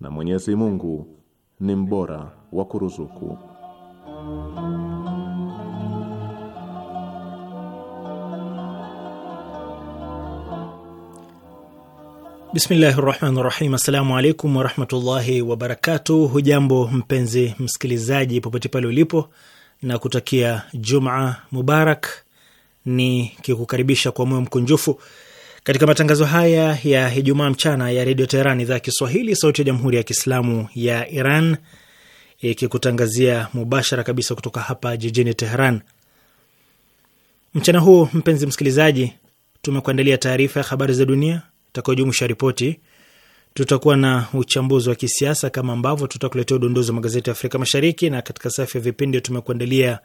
na Mwenyezi Mungu ni mbora wa kuruzuku. Bismillahi rahmani rahim. Assalamu alaikum warahmatullahi wabarakatuh. Hujambo mpenzi msikilizaji, popote pale ulipo, na kutakia Juma Mubarak, ni kikukaribisha kwa moyo mkunjufu katika matangazo haya ya Ijumaa mchana ya redio Teheran, idhaa ya Kiswahili, sauti ya jamhuri ya kiislamu ya Iran, ikikutangazia mubashara kabisa kutoka hapa jijini Teheran. Mchana huu, mpenzi msikilizaji, tumekuandalia taarifa ya habari za dunia itakayojumuisha ripoti. Tutakuwa na uchambuzi wa kisiasa kama ambavyo tutakuletea udondozi wa magazeti ya Afrika Mashariki, na katika safu ya vipindi tumekuandalia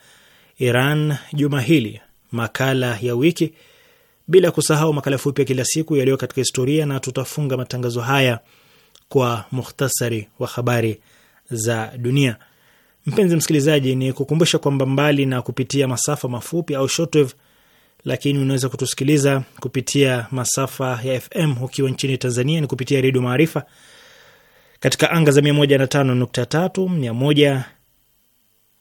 Iran juma hili, makala ya wiki bila kusahau makala fupi ya kila siku yaliyo katika historia, na tutafunga matangazo haya kwa muhtasari wa habari za dunia. Mpenzi msikilizaji, ni kukumbusha kwamba mbali na kupitia masafa mafupi au shortwave, lakini unaweza kutusikiliza kupitia masafa ya FM ukiwa nchini Tanzania ni kupitia Redio Maarifa katika anga za 105.3, 101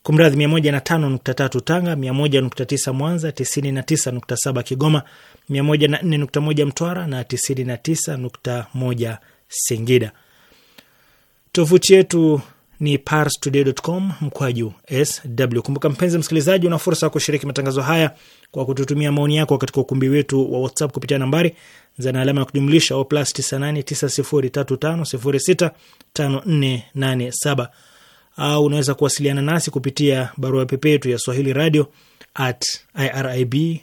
kumradhi 105.3 Tanga, 101.9 Mwanza, 99.7 Kigoma, 104.1 Mtwara na 99.1 Singida. Tovuti yetu ni parstoday.com mkwaju sw. Kumbuka mpenzi msikilizaji, una fursa ya kushiriki matangazo haya kwa kututumia maoni yako katika ukumbi wetu wa WhatsApp kupitia nambari zana alama ya kujumlisha o plus 989035065487 au unaweza kuwasiliana nasi kupitia barua pepe yetu ya Swahili radio at irib ir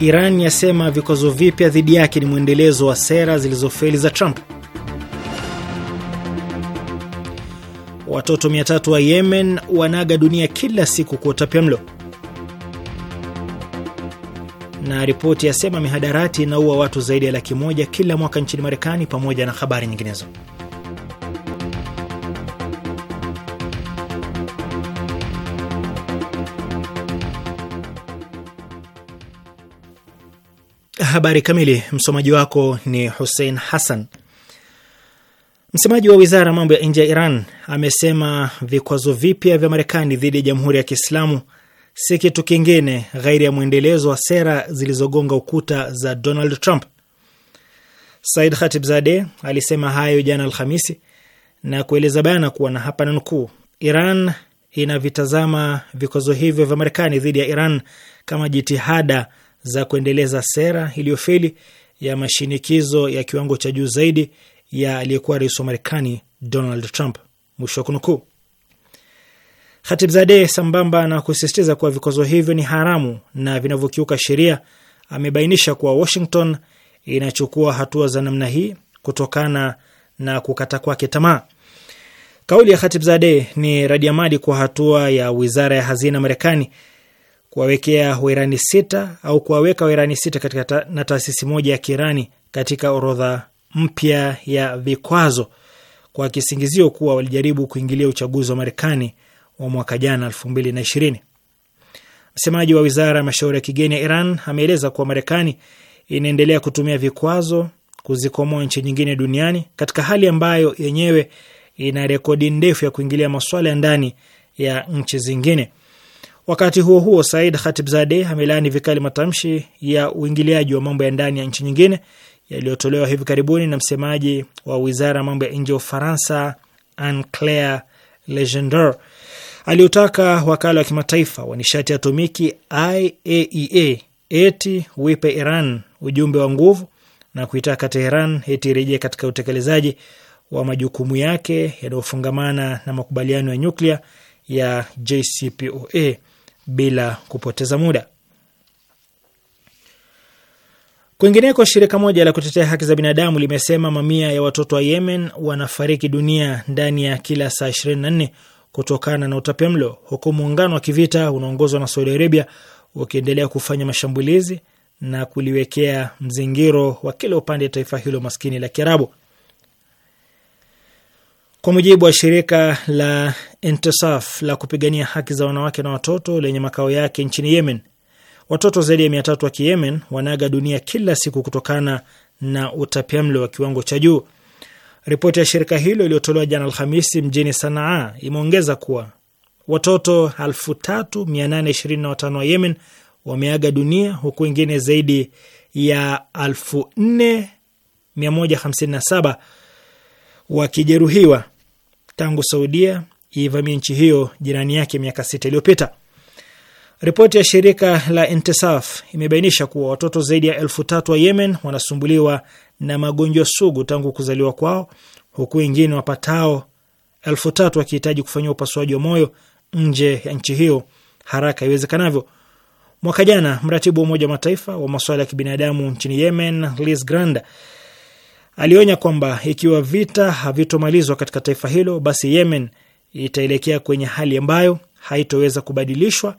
Iran yasema vikwazo vipya dhidi yake ni mwendelezo wa sera zilizofeli za Trump. Watoto 300 wa Yemen wanaaga dunia kila siku kwa utapiamlo. Na ripoti yasema mihadarati inaua watu zaidi ya laki moja kila mwaka nchini Marekani, pamoja na habari nyinginezo. habari kamili. Msomaji wako ni Hussein Hassan. Msemaji wa wizara ya mambo ya nje ya Iran amesema vikwazo vipya vya Marekani dhidi ya jamhuri ya Kiislamu si kitu kingine ghairi ya mwendelezo wa sera zilizogonga ukuta za Donald Trump. Said zade alisema hayo jana Alhamisi na kueleza bayana kuwa na hapa nanukuu, Iran inavitazama vikwazo hivyo vya Marekani dhidi ya Iran kama jitihada za kuendeleza sera iliyofeli ya mashinikizo ya kiwango cha juu zaidi ya aliyekuwa rais wa Marekani Donald Trump, mwisho wa kunukuu. Khatibzadeh, sambamba na kusisitiza kuwa vikwazo hivyo ni haramu na vinavyokiuka sheria, amebainisha kuwa Washington inachukua hatua za namna hii kutokana na kukata kwake tamaa. Kauli ya Khatibzadeh ni radiamali kwa hatua ya wizara ya hazina Marekani kuwawekea Wairani sita au kuwaweka Wairani sita katika ta, na taasisi moja ya Kiirani katika orodha mpya ya vikwazo kwa kisingizio kuwa walijaribu kuingilia uchaguzi wa Marekani wa mwaka jana ishirini Msemaji wa wizara ya mashauri ya kigeni ya Iran ameeleza kuwa Marekani inaendelea kutumia vikwazo kuzikomoa nchi nyingine duniani katika hali ambayo yenyewe ina rekodi ndefu ya kuingilia masuala ya ndani ya nchi zingine. Wakati huo huo, Said Khatibzadeh amelaani vikali matamshi ya uingiliaji wa mambo ya ndani ya nchi nyingine yaliyotolewa hivi karibuni na msemaji wa wizara ya mambo ya nje ya Ufaransa Anne Claire Legendre aliutaka wakala wa kimataifa wa nishati ya atomiki IAEA e eti wipe Iran ujumbe wa nguvu na kuitaka Teheran eti irejee katika utekelezaji wa majukumu yake yanayofungamana na makubaliano ya nyuklia ya JCPOA bila kupoteza muda. Kwingineko, shirika moja la kutetea haki za binadamu limesema mamia ya watoto wa Yemen wanafariki dunia ndani ya kila saa 24 kutokana na utapiamlo, huku muungano wa kivita unaongozwa na Saudi Arabia ukiendelea kufanya mashambulizi na kuliwekea mzingiro wa kila upande taifa hilo maskini la Kiarabu. Kwa mujibu wa shirika la Intisaf la kupigania haki za wanawake na watoto lenye makao yake nchini Yemen, watoto zaidi ya mia tatu wa Kiyemen wanaaga dunia kila siku kutokana na utapiamlo wa kiwango cha juu. Ripoti ya shirika hilo iliyotolewa jana Alhamisi mjini Sanaa imeongeza kuwa watoto 3825 wa Yemen wameaga dunia huku wengine zaidi ya 4157 wakijeruhiwa tangu Saudia iivamia nchi hiyo jirani yake miaka sita iliyopita. Ripoti ya shirika la Intisaf imebainisha kuwa watoto zaidi ya elfu tatu wa Yemen wanasumbuliwa na magonjwa sugu tangu kuzaliwa kwao, huku wengine wapatao elfu tatu wakihitaji kufanyiwa upasuaji wa moyo nje ya nchi hiyo haraka iwezekanavyo. Mwaka jana, mratibu wa Umoja wa Mataifa wa masuala ya kibinadamu nchini Yemen, Liz Granda, Alionya kwamba ikiwa vita havitomalizwa katika taifa hilo, basi Yemen itaelekea kwenye hali ambayo haitoweza kubadilishwa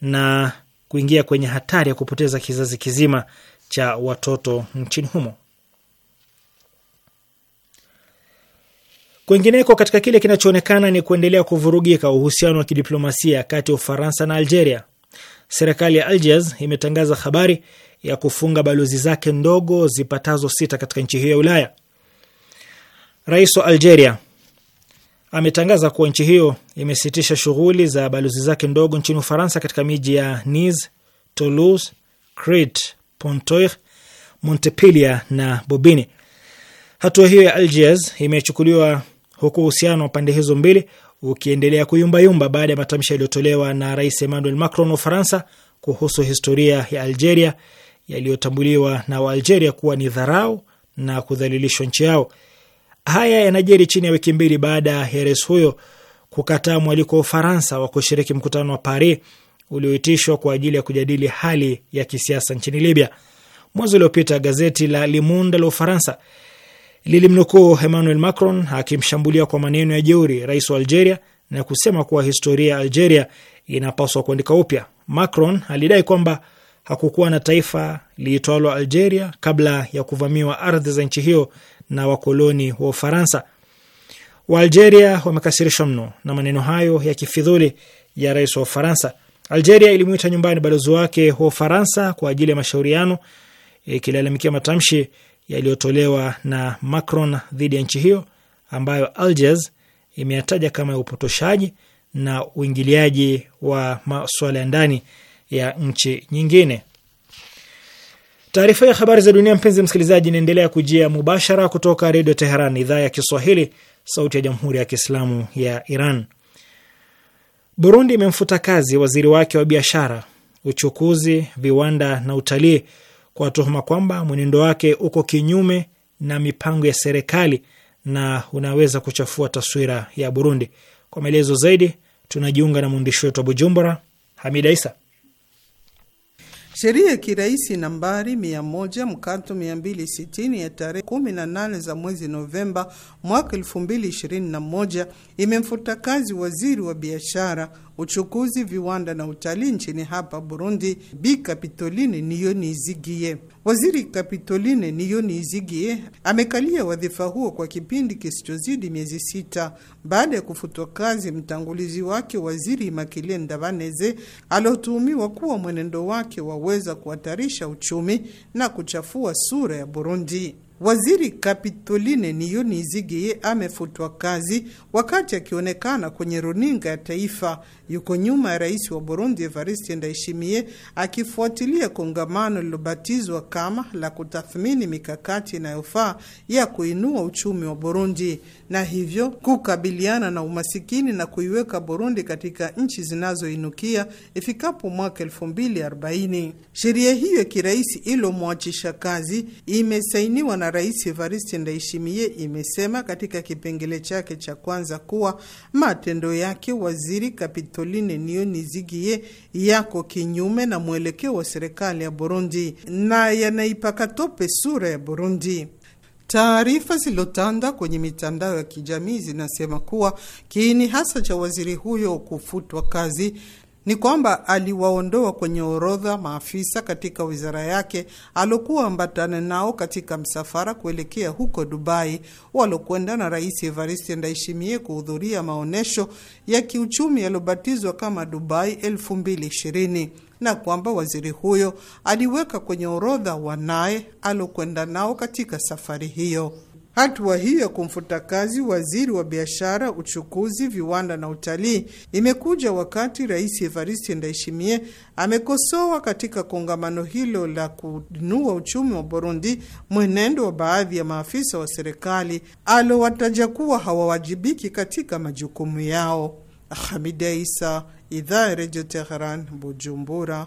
na kuingia kwenye hatari ya kupoteza kizazi kizima cha watoto nchini humo. Kwingineko, katika kile kinachoonekana ni kuendelea kuvurugika uhusiano wa kidiplomasia kati ya Ufaransa na Algeria, serikali ya Algiers imetangaza habari ya kufunga balozi zake ndogo zipatazo sita katika nchi hiyo ya Ulaya. Rais wa Algeria ametangaza kuwa nchi hiyo imesitisha shughuli za balozi zake ndogo nchini Ufaransa katika miji ya Nice, Toulouse, Crete, Pontoir, Montpellier na Bobigny. Hatua hiyo ya Algiers imechukuliwa huku uhusiano wa pande hizo mbili ukiendelea kuyumbayumba baada ya matamshi yaliyotolewa na Rais Emmanuel Macron wa Ufaransa kuhusu historia ya Algeria yaliyotambuliwa na Waalgeria kuwa ni dharau na kudhalilishwa nchi yao. Haya yanajiri chini ya wiki mbili baada ya rais huyo kukataa mwaliko wa Ufaransa wa kushiriki mkutano wa Paris ulioitishwa kwa ajili ya kujadili hali ya kisiasa nchini Libya. Mwezi uliopita gazeti la Limunda la Ufaransa lilimnukuu Emmanuel Macron akimshambulia kwa maneno ya jeuri rais wa Algeria na kusema kuwa historia ya Algeria inapaswa kuandika upya. Macron alidai kwamba hakukuwa na taifa liitwalo Algeria kabla ya kuvamiwa ardhi za nchi hiyo na wakoloni wa Ufaransa. Waalgeria wamekasirishwa mno na maneno hayo ya kifidhuli ya rais wa Ufaransa. Algeria ilimwita nyumbani balozi wake wa Ufaransa kwa ajili ya mashauriano, ikilalamikia matamshi yaliyotolewa na Macron dhidi ya nchi hiyo ambayo Algiers imeyataja kama ya upotoshaji na uingiliaji wa masuala ya ndani ya nchi nyingine. Taarifa ya habari za dunia, mpenzi msikilizaji, inaendelea kujia mubashara kutoka Redio Teheran, idhaa ya Kiswahili, sauti ya Jamhuri ya Kiislamu ya Iran. Burundi imemfuta kazi waziri wake wa biashara, uchukuzi, viwanda na utalii kwa tuhuma kwamba mwenendo wake uko kinyume na mipango ya serikali na unaweza kuchafua taswira ya Burundi. Kwa maelezo zaidi, tunajiunga na mwandishi wetu wa Bujumbura, Hamida Isa. Sheria ya kiraisi nambari 100 mkato 260 ya tarehe 18 za mwezi Novemba mwaka 2021 imemfuta kazi waziri wa biashara uchukuzi, viwanda na utalii nchini hapa Burundi, Bi Kapitoline Niyonizigiye. Waziri Kapitoline Niyonizigiye amekalia wadhifa huo kwa kipindi kisichozidi miezi sita baada ya kufutwa kazi mtangulizi wake Waziri Makile Ndabaneze aliotuhumiwa kuwa mwenendo wake waweza kuhatarisha uchumi na kuchafua sura ya Burundi. Waziri Kapitoline Zigeye amefutwa kazi wakati akionekana kwenye runinga ya taifa. Yuko nyuma ya rais wa Burundi Evariste Ndayishimiye akifuatilia kongamano lilobatizwa kama la kutathmini mikakati inayofaa ya kuinua uchumi wa Burundi na hivyo kukabiliana na umasikini na kuiweka Burundi katika nchi zinazoinukia ifikapo mwaka 2040. Sheria hiyo ya kiraisi ilomwachisha kazi imesainiwa na Rais Evariste Ndayishimiye imesema katika kipengele chake cha kwanza kuwa matendo yake Waziri Kapitoline Nionizigiye yako kinyume na mwelekeo wa serikali ya Burundi na yanaipaka tope sura ya Burundi. Taarifa zilizotanda kwenye mitandao ya kijamii zinasema kuwa kiini hasa cha waziri huyo kufutwa kazi ni kwamba aliwaondoa kwenye orodha maafisa katika wizara yake aliokuwa ambatana nao katika msafara kuelekea huko Dubai, walokwenda na Rais Evariste Ndayishimiye kuhudhuria maonyesho ya kiuchumi yaliyobatizwa kama Dubai 2020 na kwamba waziri huyo aliweka kwenye orodha wanaye aliokwenda nao katika safari hiyo. Hatua hiyo ya kumfuta kazi waziri wa biashara, uchukuzi, viwanda na utalii imekuja wakati Rais Evariste Ndayishimiye amekosoa katika kongamano hilo la kuinua uchumi wa Burundi mwenendo wa baadhi ya maafisa wa serikali alowataja kuwa hawawajibiki katika majukumu yao. Hamida Isa, idhaa ya Redio Teheran, Bujumbura.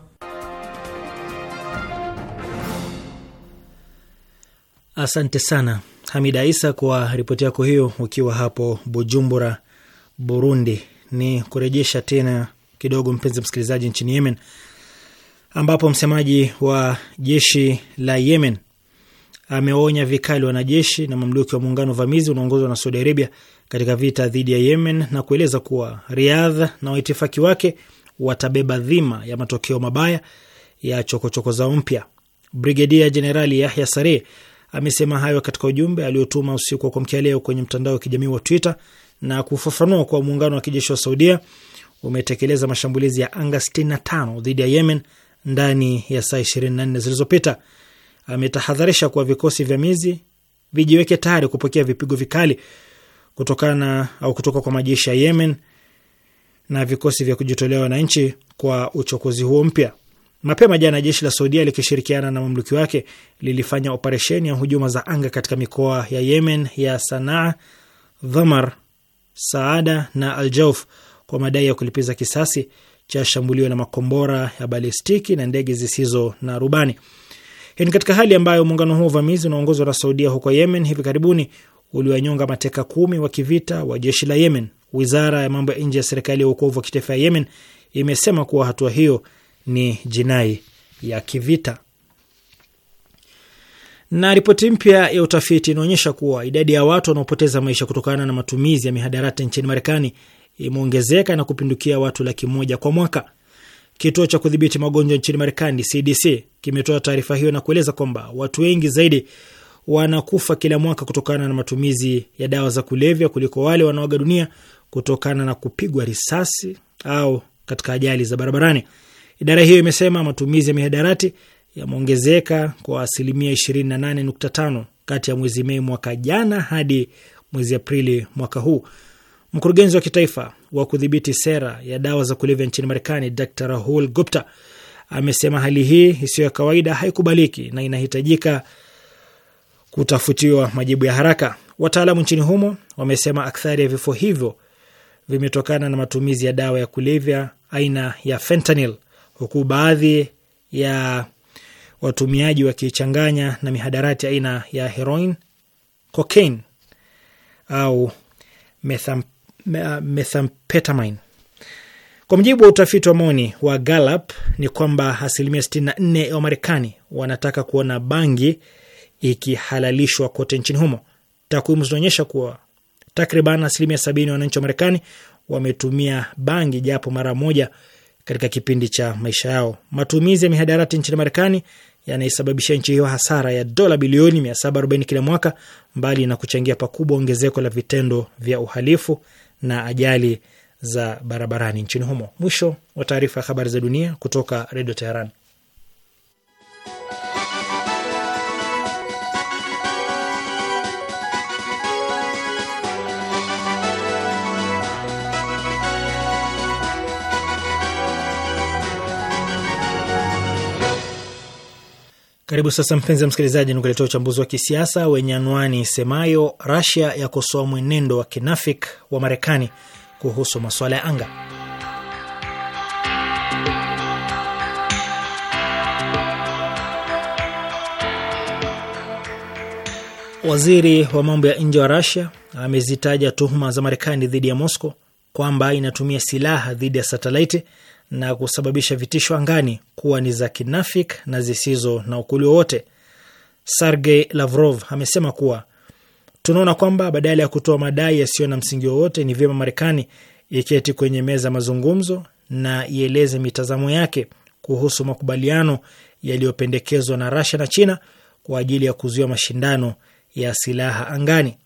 Asante sana Hamida Isa kwa ripoti yako hiyo, ukiwa hapo Bujumbura, Burundi. Ni kurejesha tena kidogo, mpenzi msikilizaji, nchini Yemen ambapo msemaji wa jeshi la Yemen ameonya vikali wanajeshi na mamluki wa muungano vamizi unaongozwa na Saudi Arabia katika vita dhidi ya Yemen na kueleza kuwa riadha na waitifaki wake watabeba dhima ya matokeo mabaya ya chokochoko zao mpya. Brigedia Jenerali Yahya sareh Amesema hayo katika ujumbe aliotuma usiku wa kuamkia leo kwenye mtandao wa kijamii wa Twitter na kufafanua kuwa muungano wa kijeshi wa Saudia umetekeleza mashambulizi ya anga 65 dhidi ya Yemen ndani ya saa 24 zilizopita. Ametahadharisha kuwa vikosi vya mizi vijiweke tayari kupokea vipigo vikali kutokana au kutoka kwa majeshi ya Yemen na vikosi vya kujitolea wananchi kwa uchokozi huo mpya. Mapema jana jeshi la Saudia likishirikiana na mamluki wake lilifanya operesheni ya hujuma za anga katika mikoa ya Yemen ya Sanaa, Dhamar, Saada na Aljauf kwa madai ya kulipiza kisasi cha shambulio la makombora ya balistiki na ndege zisizo na rubani. Hii ni katika hali ambayo muungano huo uvamizi unaongozwa na Saudia huko Yemen hivi karibuni uliwanyonga mateka kumi wa kivita wa jeshi la Yemen. Wizara ya mambo ya nje ya serikali ya uokovu wa kitaifa ya Yemen imesema kuwa hatua hiyo ni jinai ya kivita. Na ripoti mpya ya utafiti inaonyesha kuwa idadi ya watu wanaopoteza maisha kutokana na matumizi ya mihadarati nchini Marekani imeongezeka na kupindukia watu laki moja kwa mwaka. Kituo cha kudhibiti magonjwa nchini Marekani, CDC, kimetoa taarifa hiyo na kueleza kwamba watu wengi zaidi wanakufa kila mwaka kutokana na matumizi ya dawa za kulevya kuliko wale wanaoaga dunia kutokana na kupigwa risasi au katika ajali za barabarani. Idara hiyo imesema matumizi ya mihadarati yameongezeka kwa asilimia 28.5 kati ya mwezi Mei mwaka jana hadi mwezi Aprili mwaka huu. Mkurugenzi wa kitaifa wa kudhibiti sera ya dawa za kulevya nchini Marekani, Dr Rahul Gupta amesema hali hii isiyo ya kawaida haikubaliki na inahitajika kutafutiwa majibu ya haraka. Wataalamu nchini humo wamesema akthari ya vifo hivyo vimetokana na matumizi ya dawa ya kulevya aina ya fentanil huku baadhi ya watumiaji wakichanganya na mihadarati aina ya heroin, cocaine au metham, methamphetamine. Kwa mujibu wa utafiti wa maoni wa Gallup ni kwamba asilimia 64 ya Wamarekani wanataka kuona bangi ikihalalishwa kote nchini humo. Takwimu zinaonyesha kuwa takriban asilimia sabini ya wananchi wa Marekani wametumia bangi japo mara moja katika kipindi cha maisha yao. Matumizi ya mihadarati nchini Marekani yanaisababishia nchi hiyo hasara ya dola bilioni 740 kila mwaka, mbali na kuchangia pakubwa ongezeko la vitendo vya uhalifu na ajali za barabarani nchini humo. Mwisho wa taarifa ya habari za dunia kutoka Redio Teheran. Karibu sasa mpenzi msikilizaji, nikuletea uchambuzi wa kisiasa wenye anwani isemayo Rasia yakosoa mwenendo wa kinafik wa Marekani kuhusu masuala ya anga. Waziri wa mambo ya nje wa Rasia amezitaja tuhuma za Marekani dhidi ya mosco kwamba inatumia silaha dhidi ya satelaiti na kusababisha vitisho angani kuwa ni za kinafik na zisizo na ukuli wowote. Sergey Lavrov amesema kuwa tunaona kwamba badala ya kutoa madai yasiyo na msingi wowote, ni vyema Marekani iketi kwenye meza mazungumzo na ieleze mitazamo yake kuhusu makubaliano yaliyopendekezwa na rasia na China kwa ajili ya kuzuia mashindano ya silaha angani.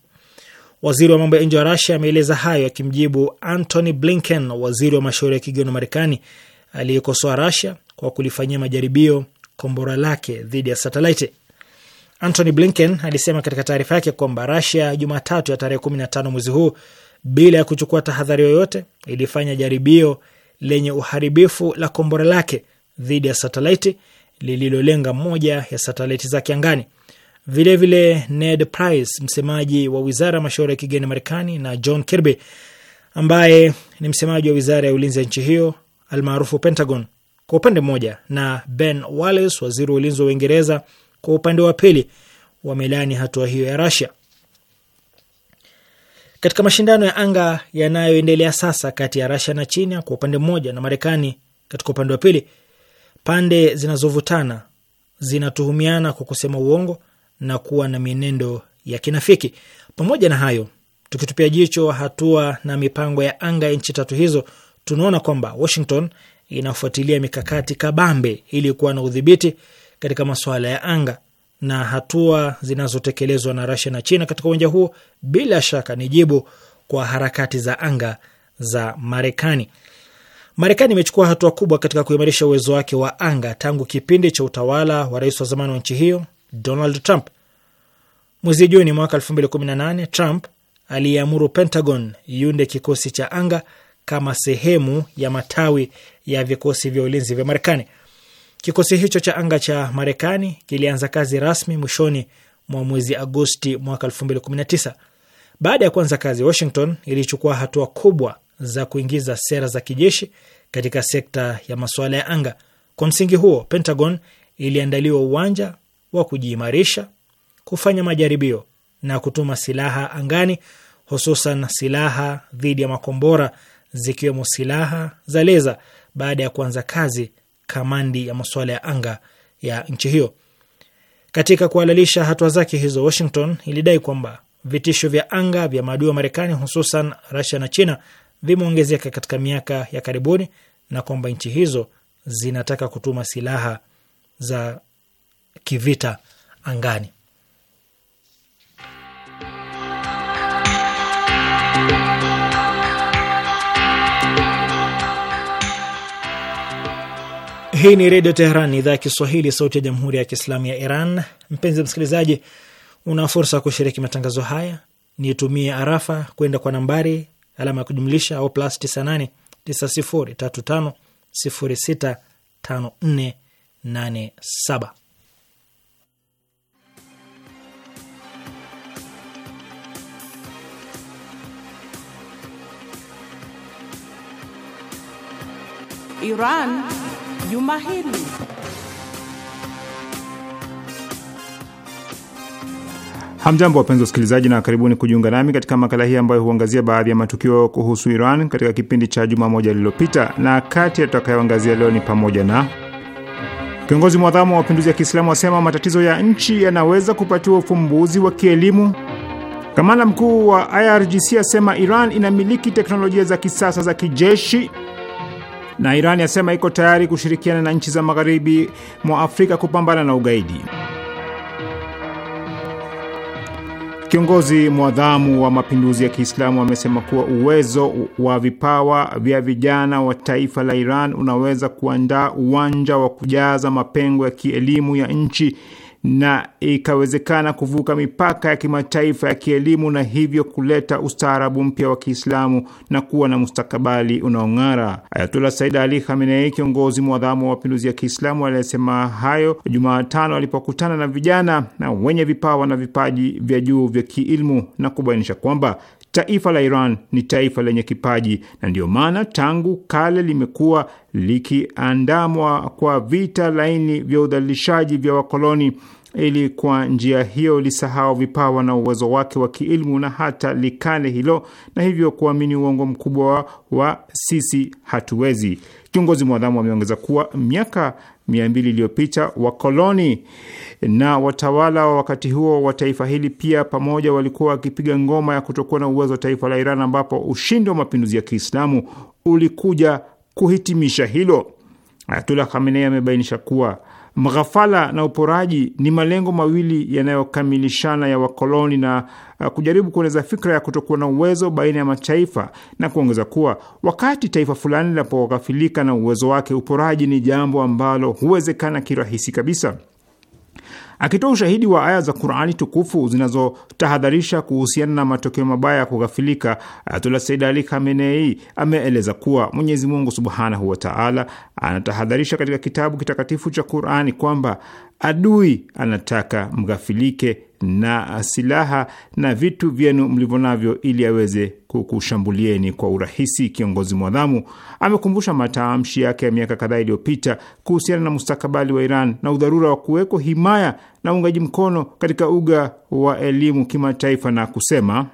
Waziri wa mambo ya nje wa Rasia ameeleza hayo akimjibu Antony Blinken, waziri wa mashauri ya kigeni wa Marekani aliyekosoa Rasia kwa kulifanyia majaribio kombora lake dhidi ya satelaiti. Antony Blinken alisema katika taarifa yake kwamba Rasia Jumatatu ya tarehe 15 mwezi huu, bila ya kuchukua tahadhari yoyote, ilifanya jaribio lenye uharibifu la kombora lake dhidi ya satelaiti lililolenga moja ya satelaiti zake angani. Vilevile vile Ned Price, msemaji wa wizara ya mashauri ya kigeni Marekani, na John Kirby ambaye ni msemaji wa wizara ya ulinzi ya nchi hiyo almaarufu Pentagon kwa upande mmoja, na Ben Wallace, waziri wa ulinzi wa Uingereza, kwa upande wa pili, wamelaani hatua hiyo ya rasia Katika mashindano ya anga yanayoendelea sasa kati ya rasia na China kwa upande mmoja na Marekani katika upande wa pili, pande zinazovutana zinatuhumiana kwa kusema uongo na kuwa na mienendo ya kinafiki. Pamoja na hayo, tukitupia jicho hatua na mipango ya anga ya nchi tatu hizo, tunaona kwamba Washington inafuatilia mikakati kabambe ili kuwa na udhibiti katika masuala ya anga na hatua zinazotekelezwa na Rasia na China katika uwanja huo bila shaka ni jibu kwa harakati za anga za Marekani. Marekani imechukua hatua kubwa katika kuimarisha uwezo wake wa anga tangu kipindi cha utawala wa rais wa zamani wa nchi hiyo Donald Trump. Mwezi Juni mwaka 2018 Trump aliyeamuru Pentagon iunde kikosi cha anga kama sehemu ya matawi ya vikosi vya ulinzi vya Marekani. Kikosi hicho cha anga cha Marekani kilianza kazi rasmi mwishoni mwa mwezi Agosti mwaka 2019. Baada ya kuanza kazi, Washington ilichukua hatua kubwa za kuingiza sera za kijeshi katika sekta ya masuala ya anga. Kwa msingi huo, Pentagon iliandaliwa uwanja wa kujiimarisha, kufanya majaribio na kutuma silaha angani, hususan silaha dhidi ya makombora zikiwemo silaha za leza, baada ya kuanza kazi kamandi ya masuala ya anga ya nchi hiyo. Katika kuhalalisha hatua zake hizo, Washington ilidai kwamba vitisho vya anga vya maadui wa Marekani hususan Rusia na China vimeongezeka katika miaka ya karibuni na kwamba nchi hizo zinataka kutuma silaha za kivita angani. Hii ni Redio Teheran, idhaa ya Kiswahili, sauti ya Jamhuri ya Kiislamu ya Iran. Mpenzi msikilizaji, una fursa ya kushiriki matangazo haya, nitumie arafa kwenda kwa nambari alama ya kujumlisha au plus 98 9035065487. Iran juma hili. Hamjambo, wapenzi wasikilizaji, na karibuni kujiunga nami katika makala hii ambayo huangazia baadhi ya matukio kuhusu Iran katika kipindi cha juma moja lililopita, na kati ya tutakayoangazia leo ni pamoja na kiongozi mwadhamu wa mapinduzi ya Kiislamu asema matatizo ya nchi yanaweza kupatiwa ufumbuzi wa kielimu. Kamanda mkuu wa IRGC asema Iran inamiliki teknolojia za kisasa za kijeshi na Iran yasema iko tayari kushirikiana na nchi za magharibi mwa Afrika kupambana na ugaidi. Kiongozi mwadhamu wa mapinduzi ya Kiislamu amesema kuwa uwezo wa vipawa vya vijana wa taifa la Iran unaweza kuandaa uwanja wa kujaza mapengo ya kielimu ya nchi na ikawezekana kuvuka mipaka ya kimataifa ya kielimu na hivyo kuleta ustaarabu mpya wa Kiislamu na kuwa na mustakabali unaong'ara. Ayatullah Said Ali Khamenei, kiongozi mwadhamu wa mapinduzi ya Kiislamu, aliyesema hayo Jumatano alipokutana na vijana na wenye vipawa na vipaji vya juu vya kiilmu na kubainisha kwamba Taifa la Iran ni taifa lenye kipaji na ndiyo maana tangu kale limekuwa likiandamwa kwa vita laini vya udhalilishaji vya wakoloni, ili kwa njia hiyo lisahau vipawa na uwezo wake wa kiilmu na hata likale hilo, na hivyo kuamini uongo mkubwa wa, wa sisi hatuwezi. Kiongozi mwadhamu ameongeza kuwa miaka mia mbili iliyopita wakoloni na watawala wa wakati huo wa taifa hili pia pamoja walikuwa wakipiga ngoma ya kutokuwa na uwezo wa taifa la Iran, ambapo ushindi wa mapinduzi ya Kiislamu ulikuja kuhitimisha hilo. Ayatullah Khamenei amebainisha kuwa Mghafala na uporaji ni malengo mawili yanayokamilishana ya wakoloni na uh, kujaribu kueleza fikra ya kutokuwa na uwezo baina ya mataifa, na kuongeza kuwa wakati taifa fulani linapoghafilika na uwezo wake, uporaji ni jambo ambalo huwezekana kirahisi kabisa. Akitoa ushahidi wa aya za Qurani tukufu zinazotahadharisha kuhusiana na matokeo mabaya ya kughafilika, Ayatullah Said Ali Khamenei ameeleza kuwa Mwenyezi Mungu subhanahu wataala anatahadharisha katika kitabu kitakatifu cha Qurani kwamba adui anataka mghafilike na silaha na vitu vyenu mlivyo navyo ili aweze kukushambulieni kwa urahisi. Kiongozi mwadhamu amekumbusha matamshi yake ya miaka kadhaa iliyopita kuhusiana na mustakabali wa Iran na udharura wa kuwekwa himaya na uungaji mkono katika uga wa elimu kimataifa na kusema,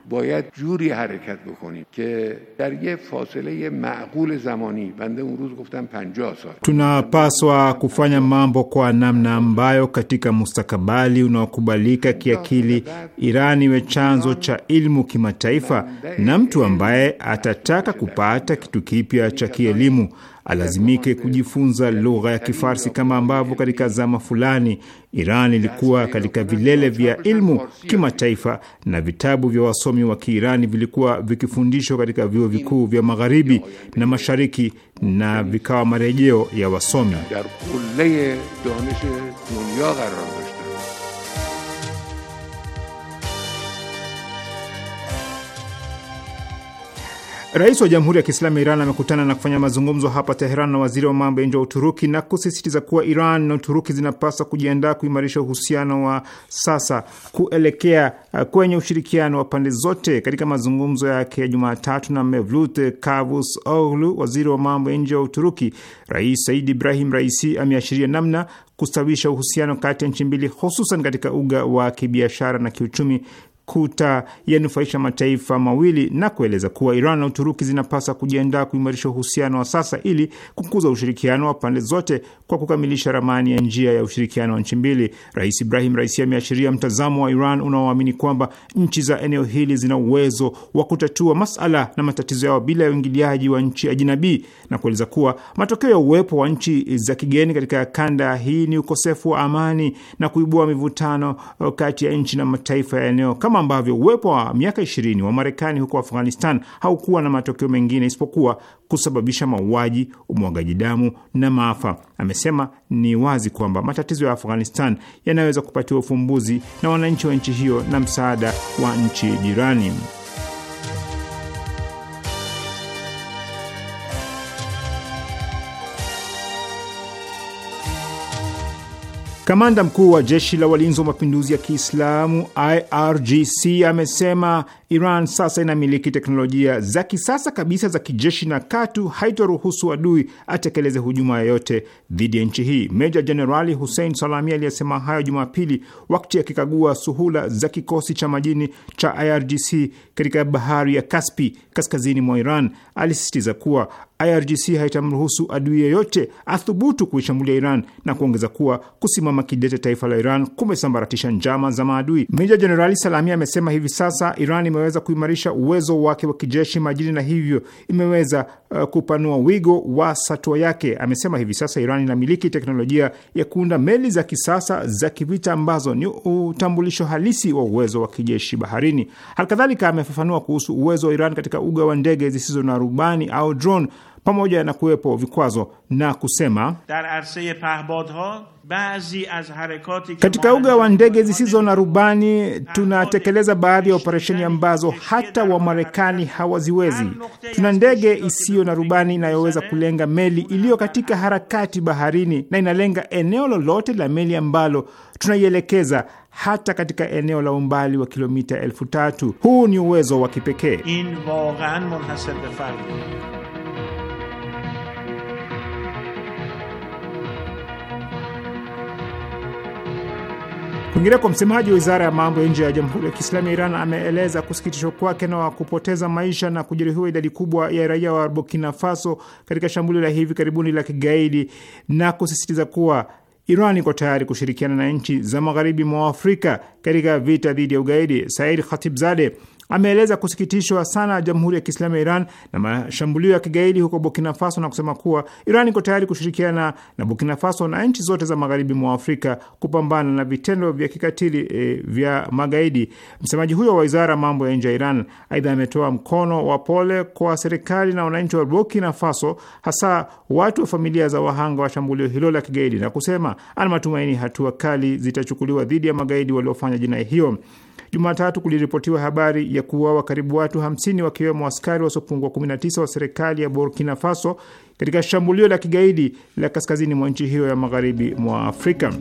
juri harakat bokonim ke dar ye fasile maqul zamani bande un goftam 50 sal, tunapaswa kufanya mambo kwa namna ambayo katika mustakabali unaokubalika kiakili Irani iwe chanzo cha ilmu kimataifa, na mtu ambaye atataka kupata kitu kipya cha kielimu alazimike kujifunza lugha ya Kifarsi kama ambavyo katika zama fulani Iran ilikuwa katika vilele vya ilmu kimataifa na vitabu vya wasomi wa Kiirani vilikuwa vikifundishwa katika vyuo vikuu vya magharibi na mashariki na vikawa marejeo ya wasomi. Rais wa Jamhuri ya Kiislamu ya Iran amekutana na kufanya mazungumzo hapa Teheran na waziri wa mambo ya nje wa Uturuki na kusisitiza kuwa Iran na Uturuki zinapaswa kujiandaa kuimarisha uhusiano wa sasa kuelekea uh, kwenye ushirikiano wa pande zote. Katika mazungumzo yake ya Jumatatu na Mevlut Cavusoglu, waziri wa mambo ya nje wa Uturuki, Rais Said Ibrahim Raisi ameashiria namna kustawisha uhusiano kati ya nchi mbili, hususan katika uga wa kibiashara na kiuchumi kutayanufaisha mataifa mawili na kueleza kuwa Iran na Uturuki zinapaswa kujiandaa kuimarisha uhusiano wa sasa ili kukuza ushirikiano wa pande zote kwa kukamilisha ramani ya njia ya ushirikiano wa nchi mbili. Rais Ibrahim Raisi ameashiria mtazamo wa Iran unaoamini kwamba nchi za eneo hili zina uwezo wa kutatua masala na matatizo yao bila ya uingiliaji wa nchi ajinabii na kueleza kuwa matokeo ya uwepo wa nchi za kigeni katika kanda hii ni ukosefu wa amani na kuibua mivutano uh, kati ya nchi na mataifa ya eneo kama kama ambavyo uwepo wa miaka ishirini wa Marekani huko Afghanistan haukuwa na matokeo mengine isipokuwa kusababisha mauaji, umwagaji damu na maafa. Amesema ni wazi kwamba matatizo ya Afghanistan yanaweza kupatiwa ufumbuzi na wananchi wa nchi hiyo na msaada wa nchi jirani. Kamanda mkuu wa jeshi la walinzi wa mapinduzi ya Kiislamu IRGC amesema Iran sasa inamiliki teknolojia za kisasa kabisa za kijeshi na katu haitoruhusu adui atekeleze hujuma yoyote dhidi ya nchi hii. Meja Jenerali Hussein Salami aliyesema hayo Jumapili wakati akikagua suhula za kikosi cha majini cha IRGC katika bahari ya Kaspi kaskazini mwa Iran alisisitiza kuwa IRGC haitamruhusu adui yeyote athubutu kuishambulia Iran na kuongeza kuwa kusimama kama kidete taifa la Iran kumesambaratisha njama za maadui. Meja Jenerali Salami amesema hivi sasa Iran imeweza kuimarisha uwezo wake wa kijeshi majini na hivyo imeweza uh, kupanua wigo wa satua yake. Amesema hivi sasa Iran inamiliki teknolojia ya kuunda meli za kisasa za kivita ambazo ni utambulisho halisi wa uwezo wa kijeshi baharini. Halikadhalika amefafanua kuhusu uwezo wa Iran katika uga wa ndege zisizo na rubani au drone pamoja na kuwepo vikwazo na kusema katika uga wa ndege zisizo na rubani tunatekeleza baadhi ya operesheni ambazo hata Wamarekani hawaziwezi. Tuna ndege isiyo na rubani inayoweza kulenga meli iliyo katika harakati baharini na inalenga eneo lolote la meli ambalo tunaielekeza hata katika eneo la umbali wa kilomita elfu tatu. Huu ni uwezo wa kipekee. kwa msemaji wa wizara ya mambo ya nje ya Jamhuri ya Kiislamu ya Iran ameeleza kusikitishwa kwake na kupoteza maisha na kujeruhiwa idadi kubwa ya raia wa Burkina Faso katika shambulio la hivi karibuni la kigaidi na kusisitiza kuwa Iran iko tayari kushirikiana na nchi za magharibi mwa Afrika katika vita dhidi ya ugaidi. Said Khatibzade, ameeleza kusikitishwa sana Jamhuri ya Kiislamu ya Iran na mashambulio ya kigaidi huko Burkina Faso na kusema kuwa Iran iko tayari kushirikiana na Burkina Faso na nchi zote za magharibi mwa Afrika kupambana na vitendo vya kikatili e, vya magaidi. Msemaji huyo wa wizara mambo ya nje ya Iran aidha ametoa mkono wa pole kwa serikali na wananchi wa Burkina Faso, hasa watu wa familia za wahanga wa shambulio hilo la kigaidi na kusema ana matumaini hatua kali zitachukuliwa dhidi ya magaidi waliofanya jinai hiyo. Jumatatu kuliripotiwa habari ya kuuawa karibu watu 50 wakiwemo askari wasiopungua 19 wa serikali ya Burkina Faso katika shambulio la kigaidi la kaskazini mwa nchi hiyo ya magharibi mwa Afrika.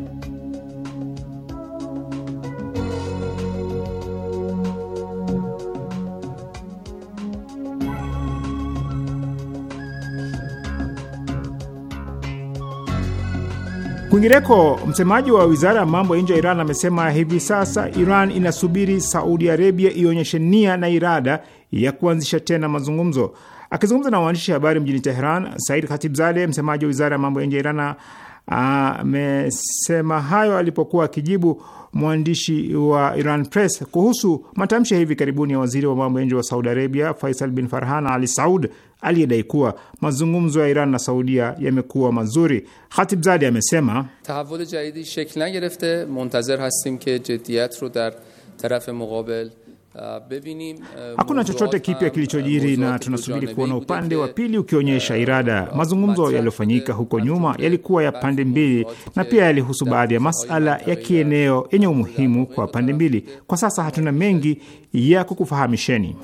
Kwingineko, msemaji wa wizara ya mambo ya nje ya Iran amesema hivi sasa Iran inasubiri Saudi Arabia ionyeshe nia na irada ya kuanzisha tena mazungumzo. Akizungumza na waandishi habari mjini Teheran, Said Khatibzadeh, msemaji wa wizara ya mambo ya nje ya Iran, amesema hayo alipokuwa akijibu mwandishi wa Iran Press kuhusu matamshi ya hivi karibuni ya waziri wa mambo ya nje wa Saudi Arabia Faisal bin Farhan Ali Saud aliyedai kuwa mazungumzo ya Iran na Saudia yamekuwa mazuri. hatibzadi amesema tahavul jadidi shekl nagerefte muntazir hastim ke jiddiyat ro dar taraf muqabil uh, uh, Hakuna chochote kipya uh, kilichojiri na tunasubiri kuona upande wa pili ukionyesha irada. Mazungumzo yaliyofanyika huko nyuma yalikuwa ya pande mbili na pia yalihusu baadhi ya masala ya kieneo yenye umuhimu kwa pande mbili. Kwa sasa hatuna mengi ya kukufahamisheni.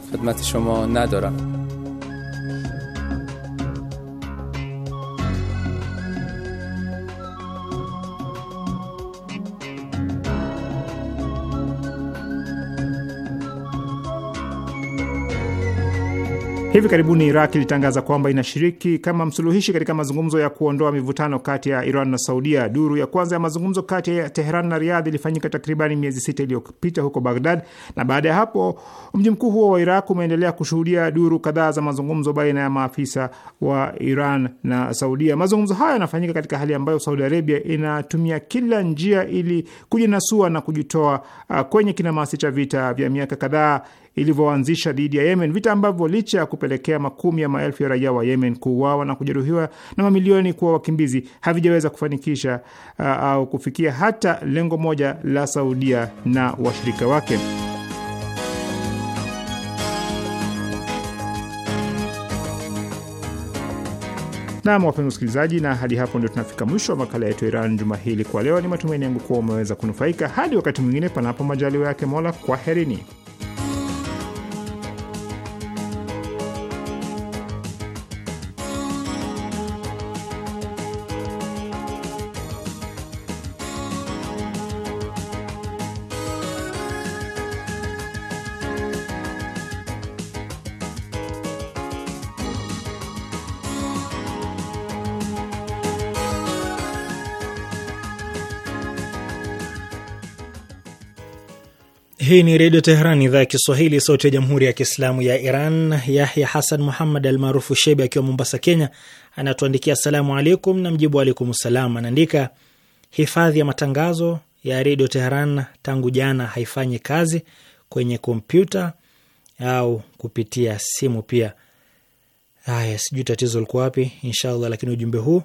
Hivi karibuni Iraq ilitangaza kwamba inashiriki kama msuluhishi katika mazungumzo ya kuondoa mivutano kati ya Iran na Saudia. Duru ya kwanza ya mazungumzo kati ya Teheran na riadh ilifanyika takribani miezi sita iliyopita huko Baghdad, na baada ya hapo mji mkuu huo wa Iraq umeendelea kushuhudia duru kadhaa za mazungumzo baina ya maafisa wa Iran na Saudia. Mazungumzo hayo yanafanyika katika hali ambayo Saudi Arabia inatumia kila njia ili kujinasua na kujitoa uh, kwenye kinamasi cha vita vya miaka kadhaa ilivyoanzisha dhidi ya Yemen, vita ambavyo licha ya kupelekea makumi ya maelfu ya raia wa Yemen kuuawa na kujeruhiwa na mamilioni kuwa wakimbizi, havijaweza kufanikisha uh, au kufikia hata lengo moja la Saudia na washirika wake. Nam, wapenzi wasikilizaji, na hadi hapo ndio tunafika mwisho wa makala yetu ya Iran juma hili. Kwa leo, ni matumaini yangu kuwa umeweza kunufaika. Hadi wakati mwingine, panapo majaliwa yake Mola, kwaherini. Hii ni Redio Teheran, idhaa ya Kiswahili, sauti ya Jamhuri ya Kiislamu ya Iran. Yahya Hasan Muhammad almaarufu Shebe akiwa Mombasa, Kenya, anatuandikia assalamu alaikum, na mjibu alaikum salam. Anaandika, hifadhi ya matangazo ya Redio Teheran tangu jana haifanyi kazi kwenye kompyuta au kupitia simu pia. Haya, sijui tatizo liko wapi, inshallah, lakini ujumbe huu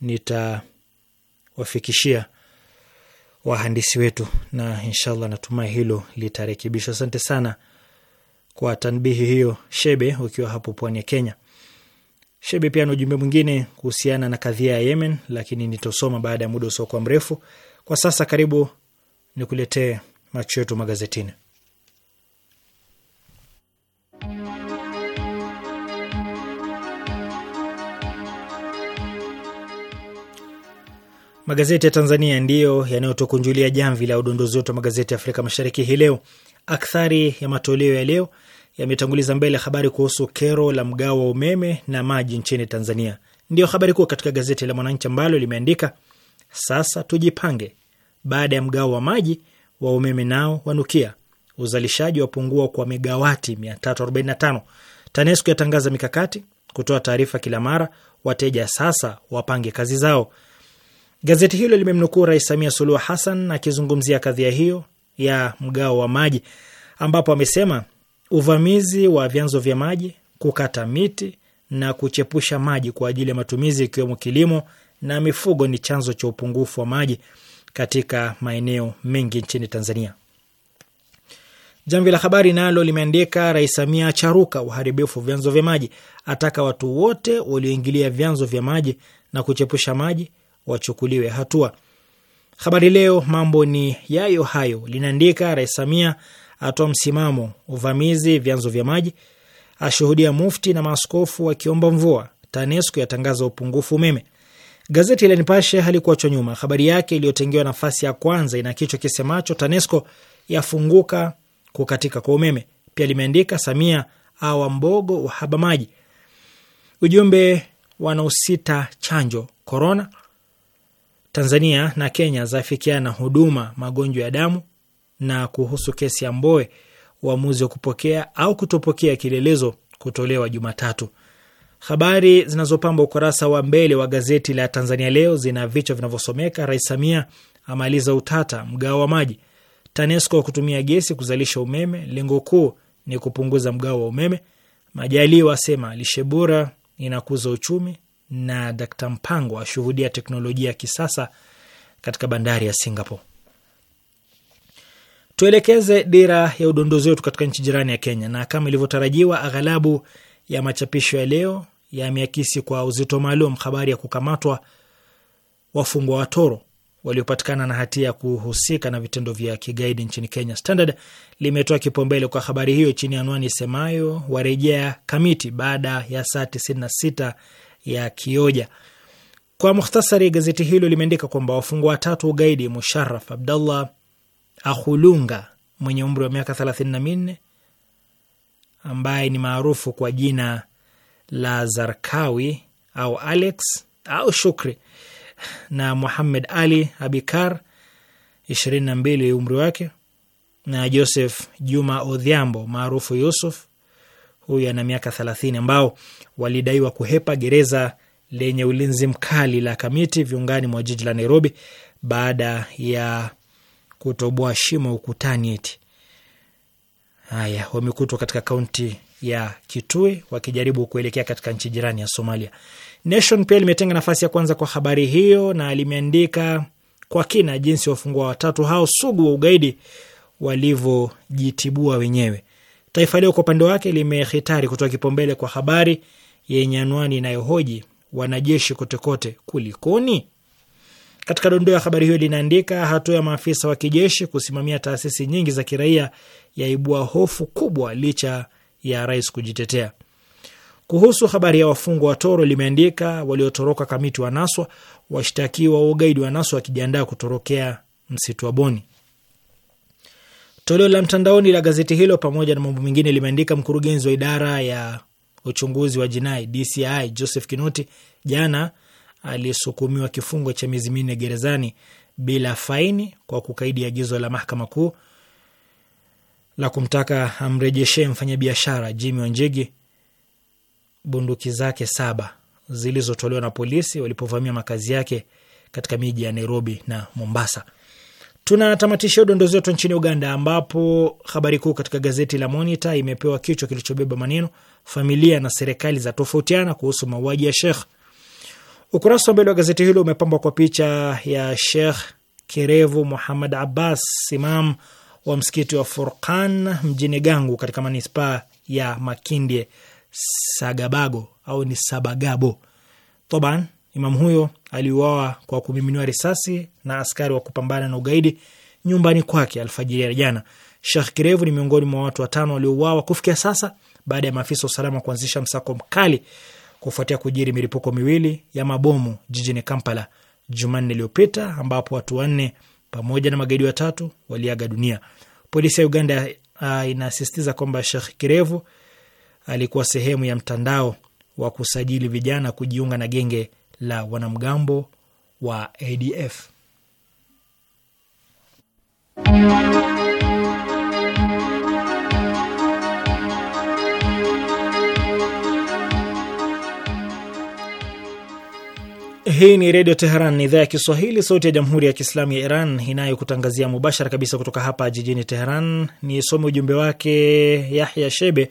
nitawafikishia wahandisi wetu, na inshallah natumai hilo litarekebishwa. Asante sana kwa tanbihi hiyo Shebe, ukiwa hapo pwani ya Kenya. Shebe pia na ujumbe mwingine kuhusiana na kadhia ya Yemen, lakini nitosoma baada ya muda usiokuwa mrefu. Kwa sasa, karibu nikuletee macho yetu magazetini. Magazeti ya Tanzania ndiyo yanayotukunjulia jamvi la udondozi wetu wa magazeti ya Afrika Mashariki hii leo. Akthari ya matoleo ya leo yametanguliza mbele habari kuhusu kero la mgao wa umeme na maji nchini Tanzania. Ndiyo habari kuu katika gazeti la Mwananchi ambalo limeandika sasa tujipange, baada ya mgao wa maji wa umeme nao wanukia, uzalishaji wapungua kwa megawati 345. TANESCO yatangaza mikakati kutoa taarifa kila mara, wateja sasa wapange kazi zao. Gazeti hilo limemnukuu Rais Samia Suluhu Hassan akizungumzia kadhia hiyo ya mgao wa maji, ambapo amesema uvamizi wa vyanzo vya maji, kukata miti na kuchepusha maji kwa ajili ya matumizi ikiwemo kilimo na mifugo ni chanzo cha upungufu wa maji katika maeneo mengi nchini Tanzania. Jamvi la Habari nalo limeandika Rais Samia acharuka uharibifu vyanzo vya maji, ataka watu wote walioingilia vyanzo vya maji na kuchepusha maji wachukuliwe hatua. Habari Leo mambo ni yayo hayo linaandika, Rais Samia atoa msimamo uvamizi vyanzo vya maji, ashuhudia mufti na maaskofu wakiomba mvua, TANESCO yatangaza upungufu umeme. Gazeti la Nipashe halikuachwa nyuma. Habari yake iliyotengewa nafasi ya kwanza ina kichwa kisemacho TANESCO yafunguka kukatika kwa umeme. Pia limeandika Samia awa mbogo uhaba maji, ujumbe wanaosita chanjo korona Tanzania na Kenya zafikiana huduma magonjwa ya damu, na kuhusu kesi ya Mboe uamuzi wa kupokea au kutopokea kielelezo kutolewa Jumatatu. Habari zinazopamba ukurasa wa mbele wa gazeti la Tanzania Leo zina vichwa vinavyosomeka: Rais Samia amaliza utata mgao wa maji, TANESCO kutumia gesi kuzalisha umeme, lengo kuu ni kupunguza mgao wa umeme, Majaliwa asema lishe bora inakuza uchumi, na Dkt Mpango ashuhudia teknolojia ya kisasa katika bandari ya Singapore. Tuelekeze dira ya udondozi wetu katika nchi jirani ya Kenya, na kama ilivyotarajiwa, aghalabu ya machapisho ya leo yameakisi kwa uzito maalum habari ya kukamatwa wafungwa watoro waliopatikana na hatia ya kuhusika na vitendo vya kigaidi nchini Kenya. Standard limetoa kipaumbele kwa habari hiyo chini ya anwani isemayo warejea kamiti baada ya saa sita ya kioja. Kwa mukhtasari, gazeti hilo limeandika kwamba wafungwa watatu ugaidi Musharaf Abdallah Ahulunga mwenye umri wa miaka thelathini na minne ambaye ni maarufu kwa jina la Zarkawi au Alex au Shukri na muhammed Ali Abikar ishirini na mbili umri wake na Joseph Juma Odhiambo maarufu Yusuf, huyu ana miaka thelathini ambao walidaiwa kuhepa gereza lenye ulinzi mkali la Kamiti viungani mwa jiji la Nairobi baada ya kutoboa shimo ukutani. Eti haya wamekutwa katika kaunti ya Kitui wakijaribu kuelekea katika nchi jirani ya Somalia. Nation pia limetenga nafasi ya kwanza kwa habari hiyo na limeandika kwa kina jinsi wafungwa watatu hao sugu wa ugaidi walivyojitibua wenyewe. Taifa Leo kwa upande wake limehitari kutoa kipaumbele kwa habari yenye anwani inayohoji wanajeshi kotekote, kulikoni? Katika dondoo ya habari hiyo linaandika hatua ya maafisa wa kijeshi kusimamia taasisi nyingi za kiraia yaibua hofu kubwa licha ya rais kujitetea. Kuhusu habari ya wafungwa wa Toro, limeandika waliotoroka Kamiti wanaswa, washtakiwa wa ugaidi wanaswa wakijiandaa kutorokea msitu wa Boni. Toleo la mtandaoni la gazeti hilo pamoja na mambo mengine limeandika mkurugenzi wa idara ya uchunguzi wa jinai DCI Joseph Kinoti jana alisukumiwa kifungo cha miezi minne gerezani bila faini kwa kukaidi agizo la mahakama kuu la kumtaka amrejeshee mfanyabiashara Jimmy Wanjigi bunduki zake saba zilizotolewa na polisi walipovamia makazi yake katika miji ya Nairobi na Mombasa. Tunatamatisha udondozi wetu nchini Uganda, ambapo habari kuu katika gazeti la Monita imepewa kichwa kilichobeba maneno familia na serikali za tofautiana kuhusu mauaji ya Sheikh. Ukurasa wa mbele wa gazeti hilo umepambwa kwa picha ya Sheikh Kerevu Muhammad Abbas, imam wa msikiti wa furkan mjini Gangu katika manispaa ya Makindye Sagabago au ni Sabagabo Toban Imam huyo aliuawa kwa kumiminiwa risasi na askari wa kupambana na ugaidi nyumbani kwake alfajiri ya jana. Shekh Kirevu ni miongoni mwa watu watano waliouawa kufikia sasa baada ya maafisa wa usalama kuanzisha msako mkali kufuatia kujiri milipuko miwili ya mabomu jijini Kampala Jumanne iliyopita ambapo watu wanne pamoja na magaidi watatu waliaga dunia. Polisi ya Uganda uh, inasisitiza kwamba Shekh Kirevu alikuwa sehemu ya mtandao wa kusajili vijana kujiunga na genge la wanamgambo wa ADF. Hii ni Redio Teheran, idhaa ya Kiswahili, sauti ya Jamhuri ya Kiislamu ya Iran inayokutangazia mubashara kabisa kutoka hapa jijini Teheran. ni some ujumbe wake. Yahya Shebe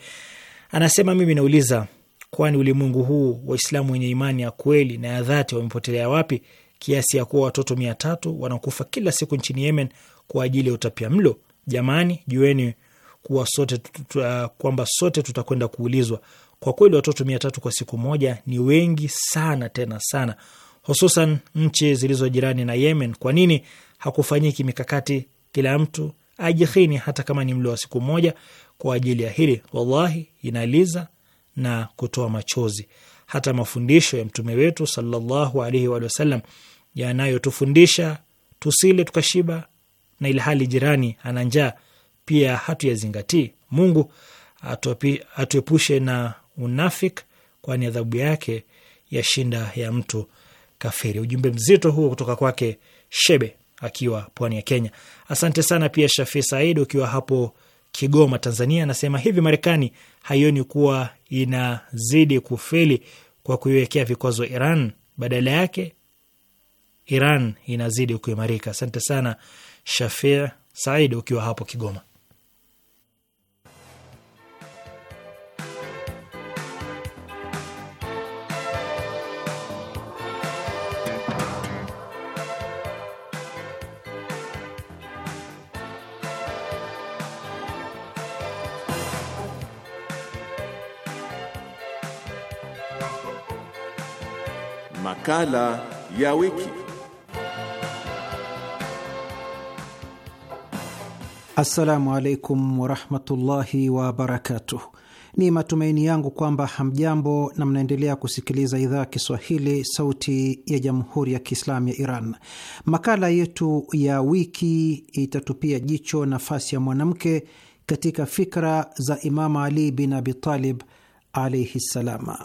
anasema, mimi nauliza kwani ulimwengu huu Waislamu wenye imani ya kweli na ya dhati wamepotelea wapi kiasi ya kuwa watoto mia tatu wanakufa kila siku nchini Yemen kwa ajili ya utapia mlo? Jamani, jueni kuwa sote tuta, uh, kwamba sote tutakwenda kuulizwa. Kwa kweli watoto mia tatu kwa siku moja ni wengi sana, tena sana, hususan nchi zilizo jirani na Yemen. Kwa nini hakufanyiki mikakati, kila mtu ajihini hata kama ni mlo wa siku moja kwa ajili ya hili? Wallahi inaliza na kutoa machozi. Hata mafundisho ya mtume wetu sallallahu alaihi wa sallam yanayotufundisha tusile tukashiba na ilhali jirani ana njaa pia hatuyazingatii. Mungu atuepushe na unafik, kwani adhabu yake yashinda ya mtu kafiri. Ujumbe mzito huo kutoka kwake Shebe akiwa pwani ya Kenya. Asante sana pia Shafi Said ukiwa hapo Kigoma, Tanzania, anasema hivi: Marekani haioni kuwa inazidi kufeli kwa kuiwekea vikwazo Iran, badala yake Iran inazidi kuimarika. Asante sana Shafii Said ukiwa hapo Kigoma. makala ya wiki. Assalamu alaikum warahmatullahi wabarakatuh. Ni matumaini yangu kwamba hamjambo na mnaendelea kusikiliza idhaa ya Kiswahili, sauti ya jamhuri ya kiislamu ya Iran. Makala yetu ya wiki itatupia jicho nafasi ya mwanamke katika fikra za imamu Ali bin Abi Talib alaihi ssalama.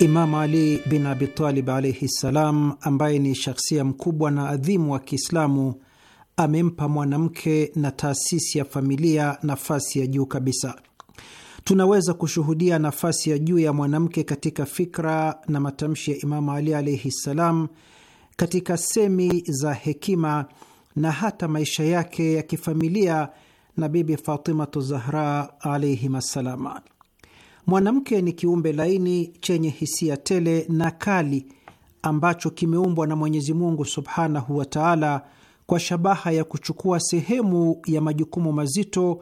Imam Ali bin Abitalib alaihi ssalam, ambaye ni shakhsia mkubwa na adhimu wa Kiislamu, amempa mwanamke na taasisi ya familia nafasi ya juu kabisa. Tunaweza kushuhudia nafasi ya juu ya mwanamke katika fikra na matamshi ya Imamu Ali alaihi ssalam, katika semi za hekima na hata maisha yake ya kifamilia na Bibi Fatimatu Zahra alaihim assalama. Mwanamke ni kiumbe laini chenye hisia tele na kali ambacho kimeumbwa na Mwenyezi Mungu subhanahu wa taala kwa shabaha ya kuchukua sehemu ya majukumu mazito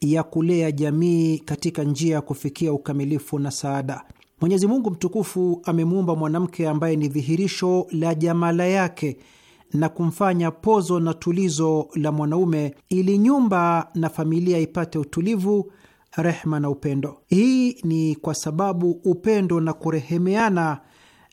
ya kulea jamii katika njia ya kufikia ukamilifu na saada. Mwenyezi Mungu mtukufu amemuumba mwanamke ambaye ni dhihirisho la jamala yake na kumfanya pozo na tulizo la mwanaume, ili nyumba na familia ipate utulivu rehma na upendo. Hii ni kwa sababu upendo na kurehemeana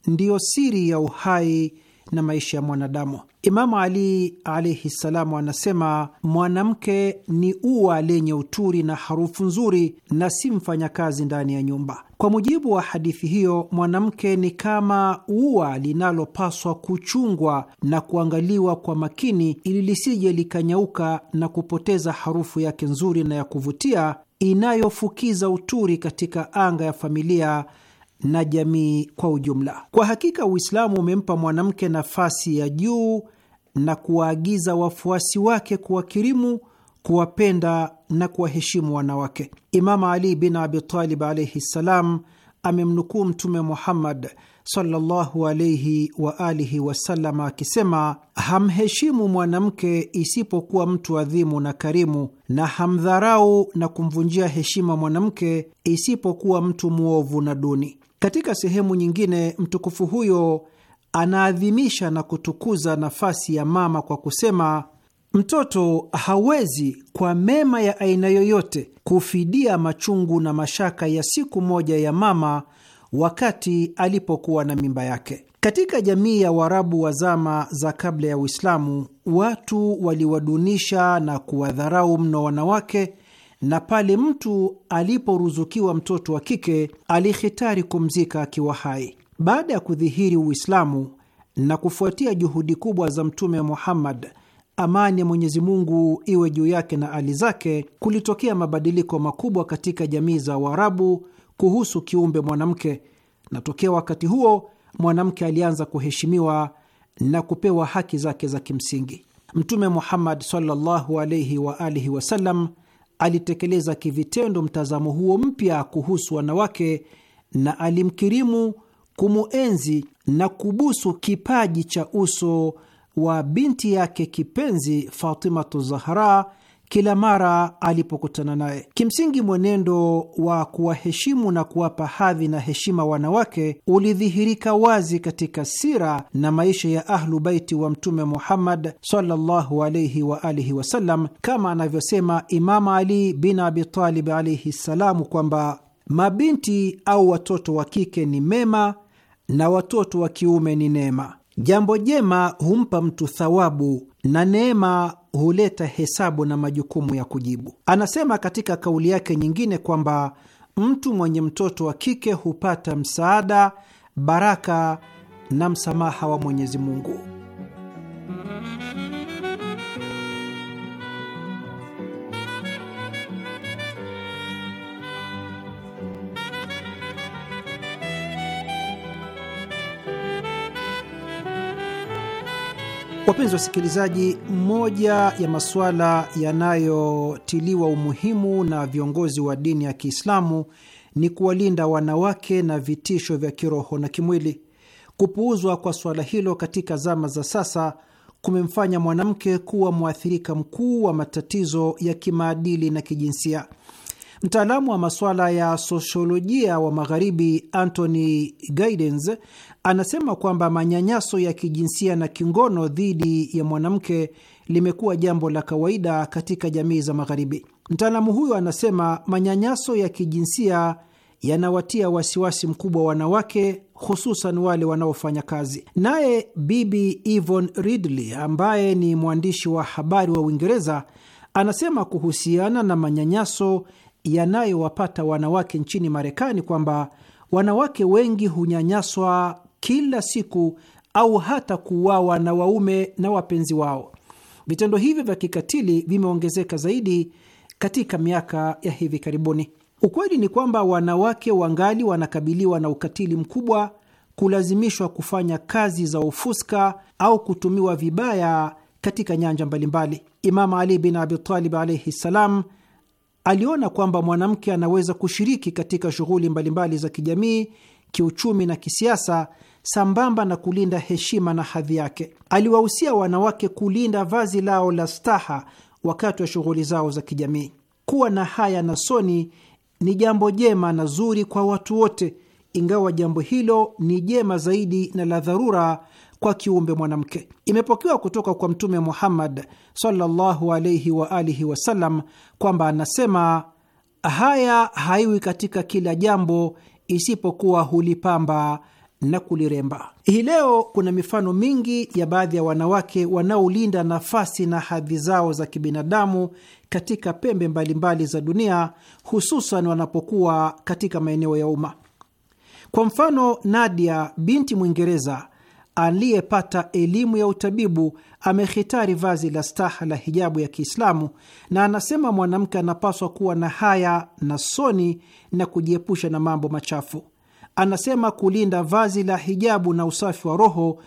ndiyo siri ya uhai na maisha ya mwanadamu. Imamu Ali alaihi ssalamu anasema, mwanamke ni ua lenye uturi na harufu nzuri na si mfanyakazi ndani ya nyumba. Kwa mujibu wa hadithi hiyo, mwanamke ni kama ua linalopaswa kuchungwa na kuangaliwa kwa makini ili lisije likanyauka na kupoteza harufu yake nzuri na ya kuvutia inayofukiza uturi katika anga ya familia na jamii kwa ujumla. Kwa hakika Uislamu umempa mwanamke nafasi ya juu na kuwaagiza wafuasi wake kuwakirimu, kuwapenda na kuwaheshimu wanawake. Imama Ali bin Abi Talib alaihi ssalam amemnukuu Mtume Muhammad sallallahu wa alihi akisema, hamheshimu mwanamke isipokuwa mtu adhimu na karimu, na hamdharau na kumvunjia heshima mwanamke isipokuwa mtu mwovu na duni. Katika sehemu nyingine, mtukufu huyo anaadhimisha na kutukuza nafasi ya mama kwa kusema Mtoto hawezi kwa mema ya aina yoyote kufidia machungu na mashaka ya siku moja ya mama wakati alipokuwa na mimba yake. Katika jamii ya Waarabu wa zama za kabla ya Uislamu, watu waliwadunisha na kuwadharau mno wanawake, na pale mtu aliporuzukiwa mtoto wa kike alihitari kumzika akiwa hai. Baada ya kudhihiri Uislamu na kufuatia juhudi kubwa za Mtume Muhammad, amani ya Mwenyezi Mungu iwe juu yake na ali zake, kulitokea mabadiliko makubwa katika jamii za Waarabu kuhusu kiumbe mwanamke, na tokea wakati huo mwanamke alianza kuheshimiwa na kupewa haki zake za kimsingi. Mtume Muhammad sallallahu alaihi wa alihi wasallam alitekeleza kivitendo mtazamo huo mpya kuhusu wanawake na alimkirimu, kumuenzi na kubusu kipaji cha uso wa binti yake kipenzi Fatimatu Zahra kila mara alipokutana naye. Kimsingi, mwenendo wa kuwaheshimu na kuwapa hadhi na heshima wanawake ulidhihirika wazi katika sira na maisha ya Ahlu Baiti wa Mtume Muhammad sallallahu alaihi wa alihi wasallam, kama anavyosema imamu Ali bin Abitalib alaihi ssalamu kwamba mabinti au watoto wa kike ni mema na watoto wa kiume ni neema. Jambo jema humpa mtu thawabu na neema huleta hesabu na majukumu ya kujibu. Anasema katika kauli yake nyingine kwamba mtu mwenye mtoto wa kike hupata msaada, baraka na msamaha wa Mwenyezi Mungu. Wapenzi wasikilizaji, moja ya masuala yanayotiliwa umuhimu na viongozi wa dini ya Kiislamu ni kuwalinda wanawake na vitisho vya kiroho na kimwili. Kupuuzwa kwa suala hilo katika zama za sasa kumemfanya mwanamke kuwa mwathirika mkuu wa matatizo ya kimaadili na kijinsia. Mtaalamu wa masuala ya sosiolojia wa Magharibi Anthony Giddens anasema kwamba manyanyaso ya kijinsia na kingono dhidi ya mwanamke limekuwa jambo la kawaida katika jamii za Magharibi. Mtaalamu huyo anasema manyanyaso ya kijinsia yanawatia wasiwasi mkubwa wanawake, hususan wale wanaofanya kazi. Naye Bibi Yvonne Ridley ambaye ni mwandishi wa habari wa Uingereza anasema kuhusiana na manyanyaso yanayowapata wanawake nchini Marekani kwamba wanawake wengi hunyanyaswa kila siku au hata kuuawa na waume na wapenzi wao. Vitendo hivyo vya kikatili vimeongezeka zaidi katika miaka ya hivi karibuni. Ukweli ni kwamba wanawake wangali wanakabiliwa na ukatili mkubwa, kulazimishwa kufanya kazi za ufuska au kutumiwa vibaya katika nyanja mbalimbali. Imamu Ali bin Abi Talib alaihi ssalam aliona kwamba mwanamke anaweza kushiriki katika shughuli mbalimbali za kijamii, kiuchumi na kisiasa sambamba na kulinda heshima na hadhi yake. Aliwahusia wanawake kulinda vazi lao la staha wakati wa shughuli zao za kijamii. Kuwa na haya na soni ni jambo jema na zuri kwa watu wote, ingawa jambo hilo ni jema zaidi na la dharura kwa kiumbe mwanamke. Imepokewa kutoka kwa Mtume Muhammad sallallahu alaihi wa alihi wasallam kwamba anasema, haya haiwi katika kila jambo isipokuwa hulipamba na kuliremba. Hii leo kuna mifano mingi ya baadhi ya wanawake wanaolinda nafasi na hadhi zao za kibinadamu katika pembe mbalimbali mbali za dunia, hususan wanapokuwa katika maeneo ya umma. Kwa mfano, Nadia binti Mwingereza aliyepata elimu ya utabibu amehitari vazi la staha la hijabu ya Kiislamu, na anasema mwanamke anapaswa kuwa na haya na soni na kujiepusha na mambo machafu. Anasema kulinda vazi la hijabu na usafi wa roho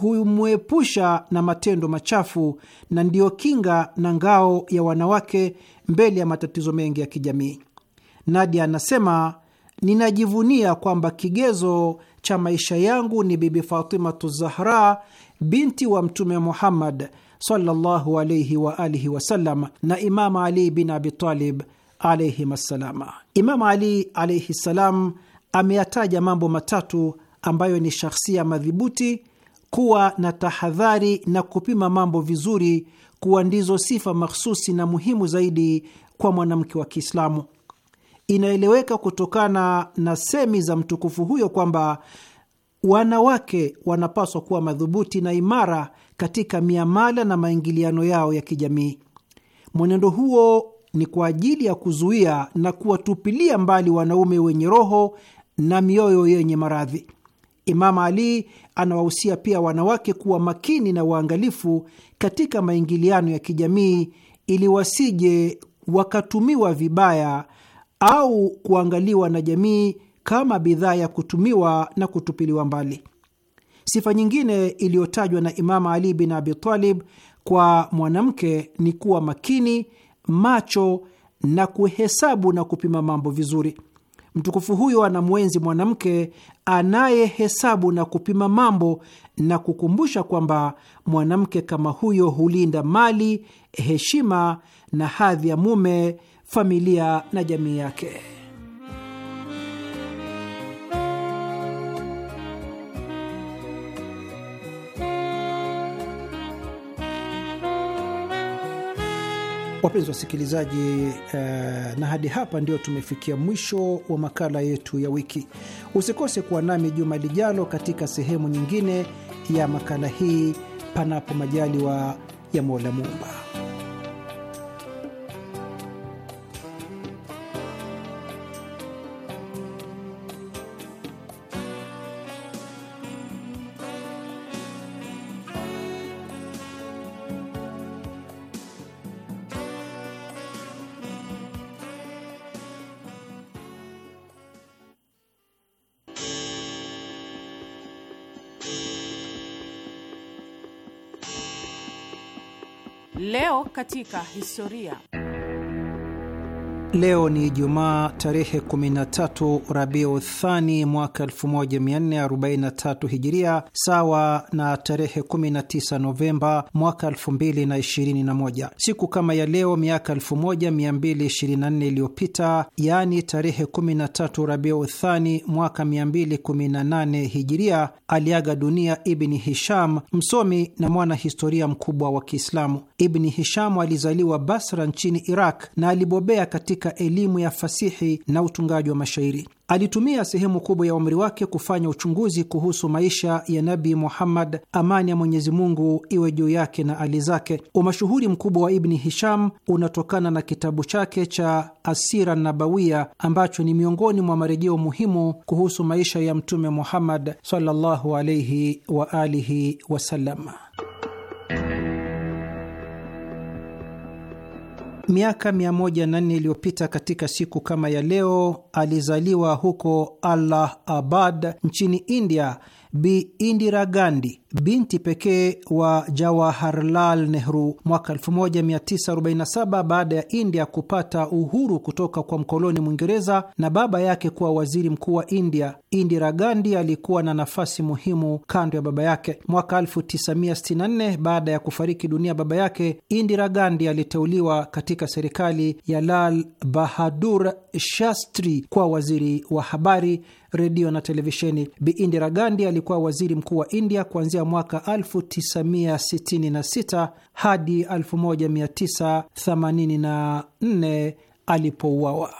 humwepusha na matendo machafu na ndiyo kinga na ngao ya wanawake mbele ya matatizo mengi ya kijamii. Nadia anasema, ninajivunia kwamba kigezo cha maisha yangu ni Bibi Fatimatu Zahra, binti wa Mtume Muhammad sallallahu wa alihi wasallam, na imamu Ali bin Abitalib alaihim assalama. Imam Ali alaihi ssalam ameyataja mambo matatu ambayo ni shakhsia madhibuti kuwa na tahadhari na kupima mambo vizuri, kuwa ndizo sifa makhususi na muhimu zaidi kwa mwanamke wa Kiislamu. Inaeleweka kutokana na semi za mtukufu huyo kwamba wanawake wanapaswa kuwa madhubuti na imara katika miamala na maingiliano yao ya kijamii. Mwenendo huo ni kwa ajili ya kuzuia na kuwatupilia mbali wanaume wenye roho na mioyo yenye maradhi. imama Ali anawahusia pia wanawake kuwa makini na waangalifu katika maingiliano ya kijamii ili wasije wakatumiwa vibaya au kuangaliwa na jamii kama bidhaa ya kutumiwa na kutupiliwa mbali. Sifa nyingine iliyotajwa na Imama Ali bin Abi Talib kwa mwanamke ni kuwa makini, macho na kuhesabu na kupima mambo vizuri. Mtukufu huyo anamwenzi mwanamke anayehesabu na kupima mambo na kukumbusha kwamba mwanamke kama huyo hulinda mali, heshima na hadhi ya mume familia na jamii yake. Wapenzi wasikilizaji, eh, na hadi hapa ndio tumefikia mwisho wa makala yetu ya wiki. Usikose kuwa nami juma lijalo katika sehemu nyingine ya makala hii, panapo majaliwa ya Mola Muumba. katika historia. Leo ni Ijumaa tarehe 13 Rabiu Thani mwaka 1443 Hijiria, sawa na tarehe 19 Novemba mwaka 2021. Siku kama ya leo miaka 1224 iliyopita, yaani tarehe 13 Rabiu Thani mwaka 218 Hijiria, aliaga dunia Ibni Hisham, msomi na mwanahistoria mkubwa wa Kiislamu. Ibni Hisham alizaliwa Basra nchini Iraq na alibobea katika katika elimu ya fasihi na utungaji wa mashairi. Alitumia sehemu kubwa ya umri wake kufanya uchunguzi kuhusu maisha ya Nabi Muhammad, amani ya Mwenyezi Mungu iwe juu yake na ali zake. Umashuhuri mkubwa wa Ibni Hisham unatokana na kitabu chake cha Asira Nabawiya ambacho ni miongoni mwa marejeo muhimu kuhusu maisha ya Mtume Muhammad sallallahu alaihi wasallam. miaka 104 iliyopita katika siku kama ya leo alizaliwa huko Allahabad nchini India Bi Indira Gandhi, binti pekee wa Jawaharlal Nehru, mwaka 1947 baada ya India kupata uhuru kutoka kwa mkoloni Mwingereza na baba yake kuwa waziri mkuu wa India. Indira Gandhi alikuwa na nafasi muhimu kando ya baba yake. Mwaka 1964 baada ya kufariki dunia baba yake, Indira Gandhi aliteuliwa katika serikali ya Lal Bahadur Shastri kwa waziri wa habari redio na televisheni. Bi Indira Gandhi alikuwa waziri mkuu wa India kuanzia mwaka 1966 hadi 1984 alipouawa.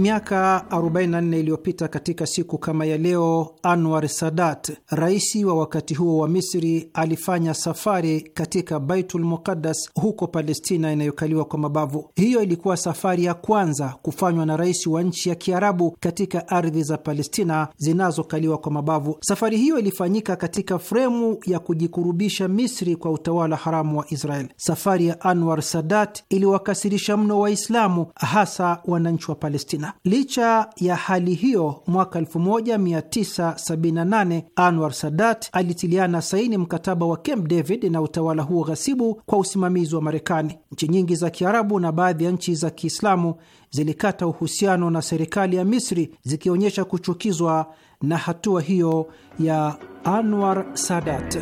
Miaka 44 iliyopita katika siku kama ya leo, Anwar Sadat, rais wa wakati huo wa Misri, alifanya safari katika Baitul Muqaddas huko Palestina inayokaliwa kwa mabavu. Hiyo ilikuwa safari ya kwanza kufanywa na rais wa nchi ya Kiarabu katika ardhi za Palestina zinazokaliwa kwa mabavu. Safari hiyo ilifanyika katika fremu ya kujikurubisha Misri kwa utawala haramu wa Israel. Safari ya Anwar Sadat iliwakasirisha mno Waislamu, hasa wananchi wa Palestina. Licha ya hali hiyo, mwaka 1978 Anwar Sadat alitiliana saini mkataba wa Camp David na utawala huo ghasibu kwa usimamizi wa Marekani. Nchi nyingi za Kiarabu na baadhi ya nchi za Kiislamu zilikata uhusiano na serikali ya Misri zikionyesha kuchukizwa na hatua hiyo ya Anwar Sadat.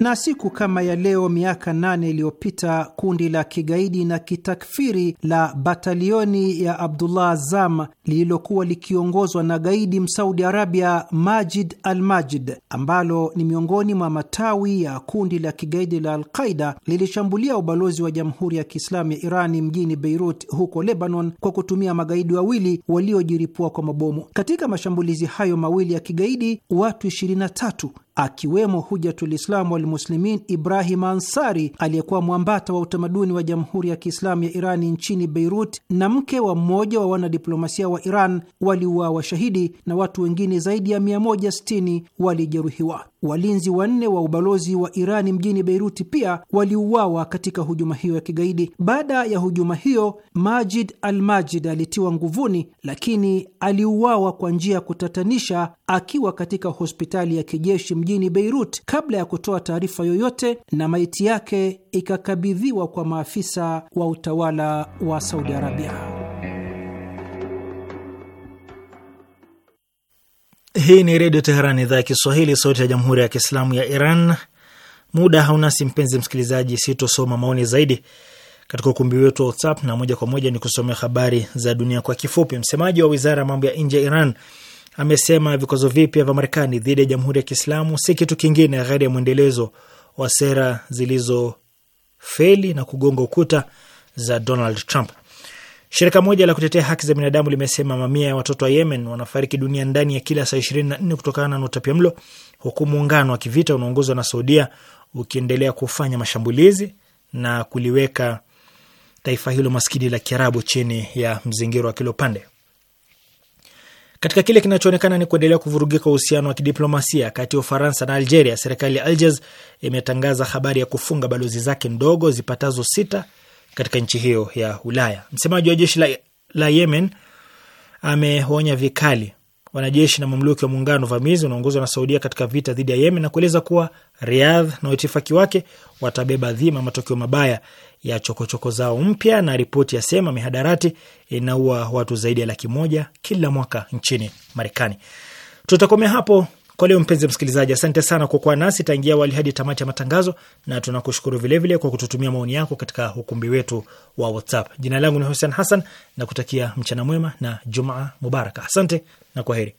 Na siku kama ya leo miaka nane iliyopita kundi la kigaidi na kitakfiri la batalioni ya Abdullah Azam lililokuwa likiongozwa na gaidi Msaudi Arabia Majid al Majid, ambalo ni miongoni mwa matawi ya kundi la kigaidi la Alqaida lilishambulia ubalozi wa Jamhuri ya Kiislamu ya Irani mjini Beirut huko Lebanon kwa kutumia magaidi wawili waliojiripua kwa mabomu. Katika mashambulizi hayo mawili ya kigaidi watu 23 akiwemo Hujatulislamu Muslimin Ibrahim Ansari aliyekuwa mwambata wa utamaduni wa Jamhuri ya Kiislamu ya Irani nchini Beirut na mke wa mmoja wa wanadiplomasia wa Iran waliuawa shahidi na watu wengine zaidi ya 160 walijeruhiwa. Walinzi wanne wa ubalozi wa Irani mjini Beiruti pia waliuawa katika hujuma hiyo ya kigaidi. Baada ya hujuma hiyo, Majid al-Majid alitiwa nguvuni, lakini aliuawa kwa njia ya kutatanisha akiwa katika hospitali ya kijeshi mjini Beirut kabla ya kutoa taarifa yoyote, na maiti yake ikakabidhiwa kwa maafisa wa utawala wa Saudi Arabia. Hii ni Redio Teheran, idhaa ya Kiswahili, sauti ya Jamhuri ya Kiislamu ya Iran. Muda haunasi mpenzi msikilizaji, sitosoma maoni zaidi katika ukumbi wetu wa WhatsApp na moja kwa moja ni kusomea habari za dunia kwa kifupi. Msemaji wa wizara ya mambo ya nje ya Iran amesema vikwazo vipya vya Marekani dhidi ya Jamhuri ya Kiislamu si kitu kingine ghairi ya mwendelezo wa sera zilizofeli na kugonga ukuta za Donald Trump. Shirika moja la kutetea haki za binadamu limesema mamia ya watoto wa Yemen wanafariki dunia ndani ya kila saa nne kutokana na mlo huku muungano wa kivita unaongozwa na Saudia ukiendelea kufanya mashambulizi na kuliweka taifa hilo maskini la Kiarabu chini ya mzingiro wa kila upande. Katika kile kinachoonekana ni kuendelea kuvurugika uhusiano wa kidiplomasia kati ya Ufaransa na Algeria, serikali ya Algiers imetangaza habari ya kufunga balozi zake ndogo zipatazo sita katika nchi hiyo ya Ulaya. Msemaji wa jeshi la, la Yemen ameonya vikali wanajeshi na mamluki wa muungano vamizi unaongozwa na Saudia katika vita dhidi ya Yemen na kueleza kuwa Riyadh na waitifaki wake watabeba dhima matokeo mabaya ya chokochoko choko zao mpya. Na ripoti yasema mihadarati inaua watu zaidi ya laki moja kila mwaka nchini Marekani. Tutakomea hapo kwa leo, mpenzi msikilizaji, asante sana kwa kuwa nasi tangia wali hadi tamati ya matangazo, na tunakushukuru vilevile kwa kututumia maoni yako katika ukumbi wetu wa WhatsApp. Jina langu ni Hussein Hassan na kutakia mchana mwema na Jumaa mubaraka. Asante na kwa heri.